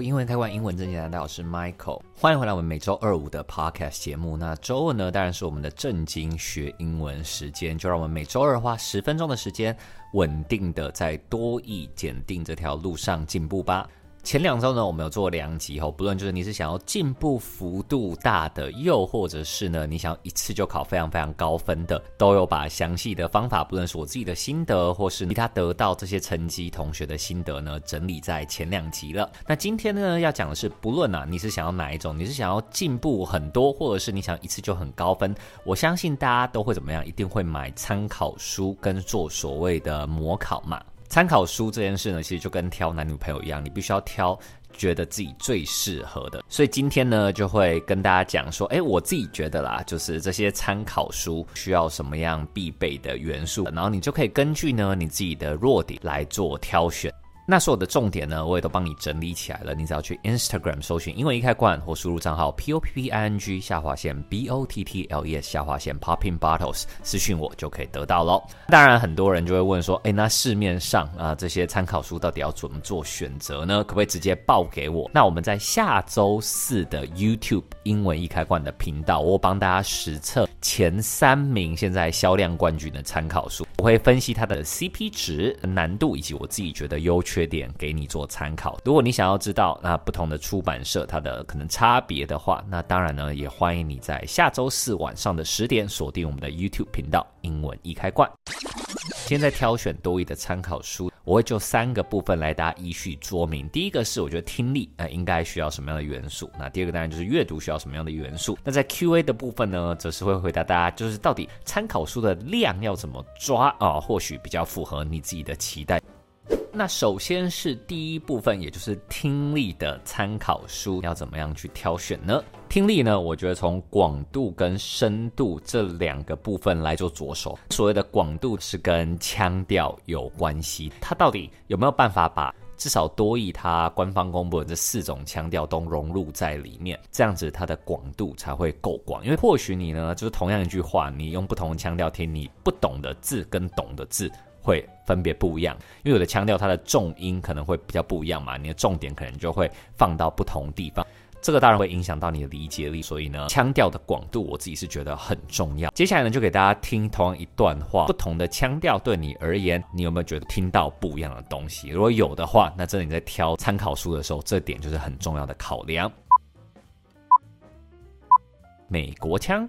英文易開罐，英文真簡單，大家好，我是 Michael，歡迎回來我們每周二五的 podcast 節目。那周二呢，當然是我們的正經學英文時間，就讓我們每周二花十分鐘的時間，穩定的在多益檢定這條路上進步吧。前兩週呢，我們有做兩集哦。不論就是你是想要進步幅度大的，又或者是呢，你想要一次就考非常非常高分的，都有把詳細的方法，不論是我自己的心得，或是其他得到這些成績同學的心得呢，整理在前兩集了。那今天呢，要講的是，不論啊，你是想要哪一種，你是想要進步很多，或者是你想一次就很高分，我相信大家都會怎麼樣，一定會買參考書跟做所謂的模考嘛。參考書這件事呢，其實就跟挑男女朋友一樣，你必須要挑覺得自己最適合的。所以今天呢，就會跟大家講說，欸，我自己覺得啦，就是這些參考書需要什麼樣必備的元素，然後你就可以根據呢你自己的弱點來做挑選。那所有的重點呢，我也都幫你整理起來了。你只要去 Instagram 搜尋，英文易開罐或輸入賬號 p o p p i n g 下劃線 b o t t l e s 下劃線 popping bottles，私訊我就可以得到嘍。當然，很多人就會問說，哎，那市面上啊這些參考書到底要怎麼做選擇呢？可不可以直接報給我？那我們在下周四的 YouTube 英文易開罐的頻道，我幫大家實測前三名現在銷量冠軍的參考書，我會分析它的 CP 值、難度以及我自己覺得優缺缺點給你做參考。如果你想要知道那不同的出版社它的可能差別的話，那當然呢也歡迎你在下周四晚上的十點鎖定我們的 YouTube 頻道《英文易開罐》。現在挑選多益的參考書，我會就三個部分來大家依序說明。第一個是我覺得聽力啊、呃、應該需要什麼樣的元素，那第二個當然就是閱讀需要什麼樣的元素。那在 Q&A 的部分呢，則是會回答大家就是到底參考書的量要怎麼抓啊，或許比較符合你自己的期待。那首先是第一部分，也就是聽力的參考書要怎麼樣去挑選呢？聽力呢，我覺得從廣度跟深度這兩個部分來做着手。所謂的廣度是跟腔調有關係，它到底有沒有辦法把至少多益它官方公布的這四種腔調都融入在裡面？這樣子它的廣度才會夠廣。因為或許你呢，就是同樣一句話，你用不同的腔調聽，你不懂的字跟懂的字。會分別不一樣，因為有的腔調，它的重音可能會比較不一樣嘛，你的重點可能就會放到不同地方，這個當然會影響到你的理解力，所以呢，腔調的廣度，我自己是覺得很重要。接下來呢，就給大家聽同樣一段話，不同的腔調對你而言，你有沒有覺得聽到不一樣的東西？如果有的話，那真的你在挑參考書的時候，這點就是很重要的考量。美國腔。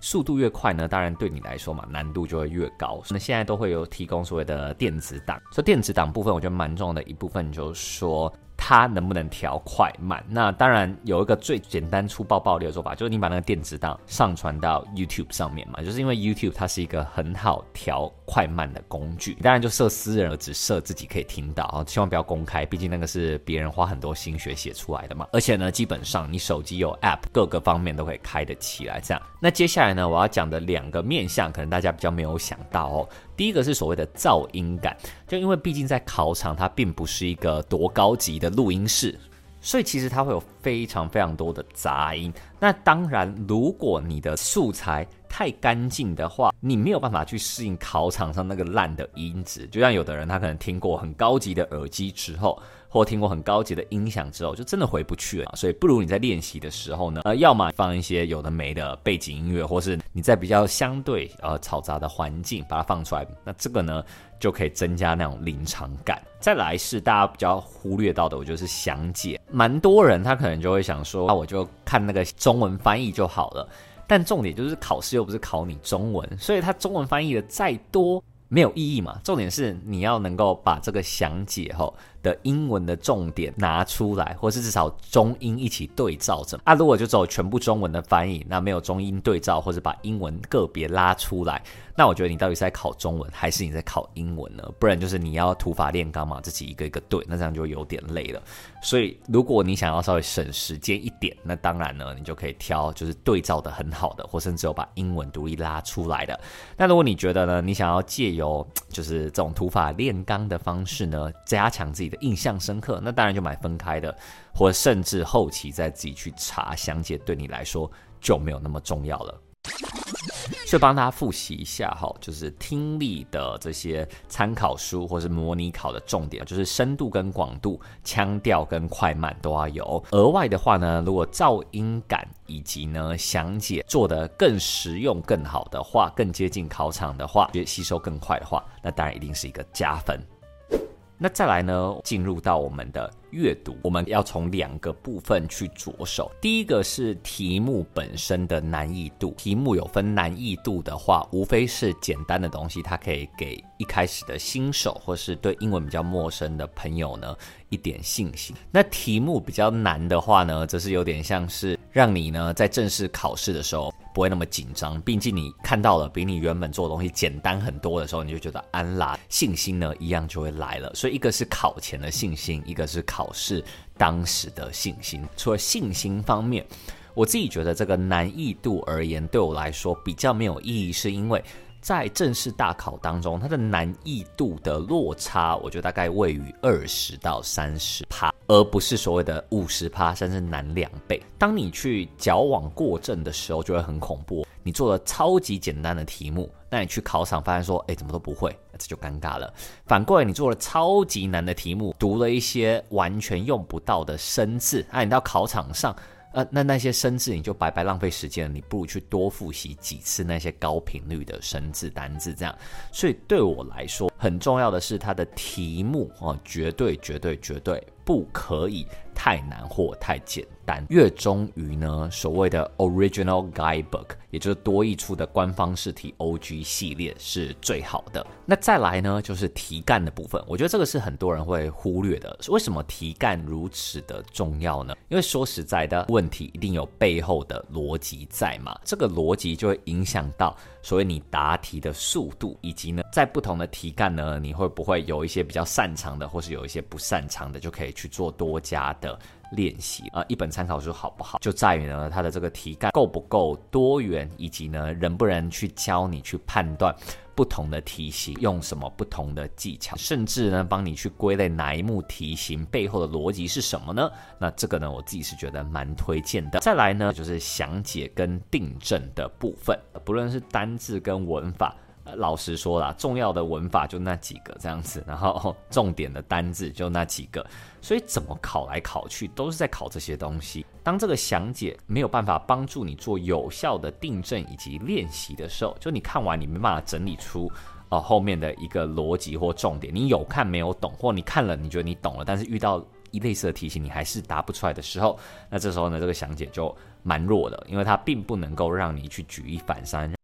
速度越快呢，當然對你來說嘛，難度就會越高。那現在都會有提供所謂的電子檔，所以電子檔部分我覺得蠻重要的一部分，就是說。它能不能調快慢？那當然有一個最簡單粗暴暴力的做法，就是你把那個電子檔上傳到 YouTube 上面嘛，就是因為 YouTube 它是一個很好調快慢的工具。當然就設私人而已，只設自己可以聽到，啊，千萬不要公開，畢竟那個是別人花很多心血寫出來的嘛。而且呢，基本上你手機有 App，各個方面都可以開得起來。這樣，那接下來呢，我要講的兩個面向，可能大家比較沒有想到喔。第一個是所謂的噪音感，就因為畢竟在考場，它並不是一個多高級的錄音室，所以其實它會有非常非常多的雜音。那當然，如果你的素材，太乾淨的話，你沒有辦法去適應考場上那個爛的音質。就像有的人，他可能聽過很高級的耳機之後，或聽過很高級的音響之後，就真的回不去了。所以，不如你在練習的時候呢，呃，要麼放一些有的沒的背景音樂，或是你在比較相對呃嘈雜的環境把它放出來。那這個呢，就可以增加那種臨場感。再來是大家比較忽略到的，我就是詳解。蠻多人他可能就會想說，那，啊，我就看那個中文翻譯就好了。但重點就是考試又不是考你中文，所以他中文翻譯的再多沒有意義嘛。重點是你要能夠把這個詳解吼的英文的重點拿出來，或是至少中英一起對照着。那、啊、如果就只有全部中文的翻譯，那沒有中英對照或是把英文個別拉出來，那我覺得你到底是在考中文還是你在考英文呢？不然就是你要土法煉鋼嘛，自己一個一個對，那這樣就有點累了。所以，如果你想要稍微省時間一點，那當然呢，你就可以挑就是對照的很好的，或甚至有把英文獨立拉出來的。那如果你覺得呢，你想要借由就是這種土法煉鋼的方式呢，加強自己的印象深刻，那當然就買分開的，或甚至後期再自己去查詳解，對你來說就沒有那麼重要了。所以幫大家複習一下哈，就是聽力的這些參考書或是模擬考的重點，就是深度跟廣度、腔調跟快慢都要有。額外的話呢，如果噪音感以及呢詳解做得更實用、更好的話，更接近考場的話，也吸收更快的話，那當然一定是一個加分。那再來呢，進入到我們的閱讀，我們要從兩個部分去着手。第一個是題目本身的難易度。題目有分難易度的話，無非是簡單的東西，它可以給一開始的新手或是對英文比較陌生的朋友呢一點信心。那題目比較難的話呢，則是有點像是。讓你呢在正式考試的時候不會那麼緊張，畢竟你看到了比你原本做的東西簡單很多的時候，你就覺得安啦，信心呢一樣就會來了。所以一個是考前的信心，一個是考試當時的信心。除了信心方面，我自己覺得這個難易度而言，對我來說比較沒有意義，是因為……在正式大考當中，它的難易度的落差，我覺得大概位於二十到三十趴，而不是所謂的五十趴甚至難兩倍。當你去矯枉過正的時候，就會很恐怖。你做了超級簡單的題目，那你去考場發現說，哎、欸，怎麼都不會，那這就尷尬了。反過來，你做了超級難的題目，讀了一些完全用不到的生字，那你到考場上，那、啊、那那些生字你就白白浪費時間了，你不如去多複習幾次那些高頻率的生字單字這樣。所以對我來說，很重要的是它的題目哦、啊，絕對絕對絕對不可以太難或太簡單。越忠於呢，所謂的 Original Guidebook，也就是多益出的官方試題 OG 系列是最好的。那再來呢，就是題幹的部分，我覺得這個是很多人會忽略的。為什麼題幹如此的重要呢？因為說實在的，問題一定有背後的邏輯在嘛，這個邏輯就會影響到所謂你答題的速度，以及呢，在不同的題幹呢，你會不會有一些比較擅長的，或是有一些不擅長的，就可以去做多加的。練習啊、呃，一本參考書好不好，就在於呢，它的這個題幹夠不夠多元，以及呢，能不能去教你去判斷不同的題型用什麼不同的技巧，甚至呢，幫你去歸類哪一幕題型背後的邏輯是什麼呢？那這個呢，我自己是覺得蠻推薦的。再來呢，就是詳解跟訂正的部分，不論是單字跟文法。老實說啦，重要的文法就那幾個這樣子，然後重點的單字就那幾個，所以怎麼考來考去都是在考這些東西。當這個詳解沒有辦法幫助你做有效的訂正以及練習的時候，就你看完你沒辦法整理出哦、呃、後面的一個邏輯或重點，你有看沒有懂，或你看了你覺得你懂了，但是遇到一類似的題型你還是答不出來的時候，那這時候呢，這個詳解就蠻弱的，因為它並不能夠讓你去舉一反三。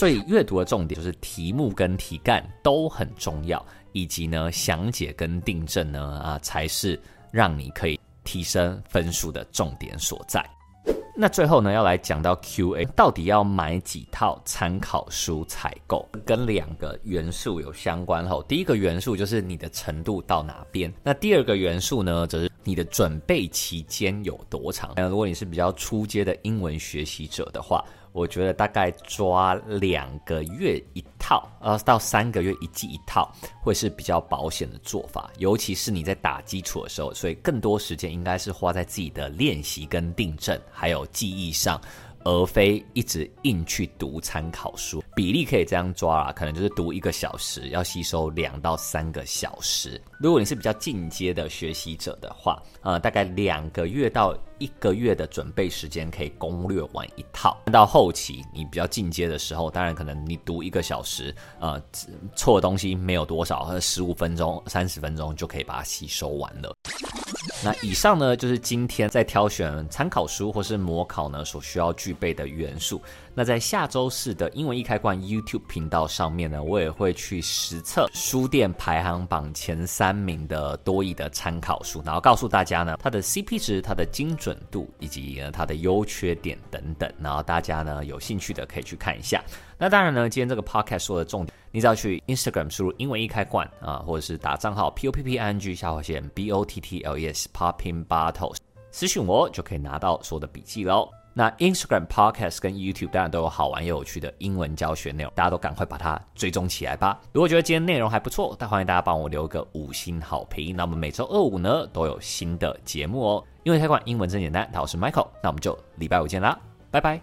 所以閱讀的重點就是題目跟題幹都很重要，以及呢詳解跟訂正呢啊才是讓你可以提升分數的重點所在。 那最後呢要來講到 QA，到底要買幾套參考書才夠？跟兩個元素有相關吼、哦。第一個元素就是你的程度到哪邊，那第二個元素呢則是你的準備期間有多長。那如果你是比較初階的英文學習者的話。我覺得大概抓兩個月一套，呃、啊，到三個月一季一套會是比較保險的做法，尤其是你在打基礎的時候，所以更多時間應該是花在自己的練習、跟訂正，還有記憶上。而非一直硬去讀參考書，比例可以這樣抓啊，可能就是讀一個小時，要吸收兩到三個小時。如果你是比較進階的學習者的話，呃，大概兩個月到一個月的準備時間可以攻略完一套。到後期你比較進階的時候，當然可能你讀一個小時，呃，錯的東西沒有多少，或者十五分鐘、三十分鐘就可以把它吸收完了。那以上呢，就是今天在挑選參考書或是模考呢，所需要具備的元素。那在下周四的英文易開罐 YouTube 頻道上面呢，我也會去實測書店排行榜前三名的多益的參考書，然後告訴大家呢，它的 CP 值、它的精準度以及呢它的優缺點等等。然後大家呢有興趣的可以去看一下。那當然呢，今天這個 podcast 說的重點，你只要去 Instagram 輸入英文易開罐啊，或者是打賬號 p o p p i n g 下劃線 b o t t l e s popping bottles，私訊我、喔、就可以拿到所有的筆記嘍。那 Instagram podcast 跟 YouTube 當然都有好玩又有趣的英文教學內容，大家都趕快把它追蹤起來吧。如果覺得今天內容還不錯，但歡迎大家幫我留個五星好評。那我們每周二五呢都有新的節目哦、喔。英文易開罐，英文真簡單，我是 Michael，那我們就禮拜五見啦，拜拜。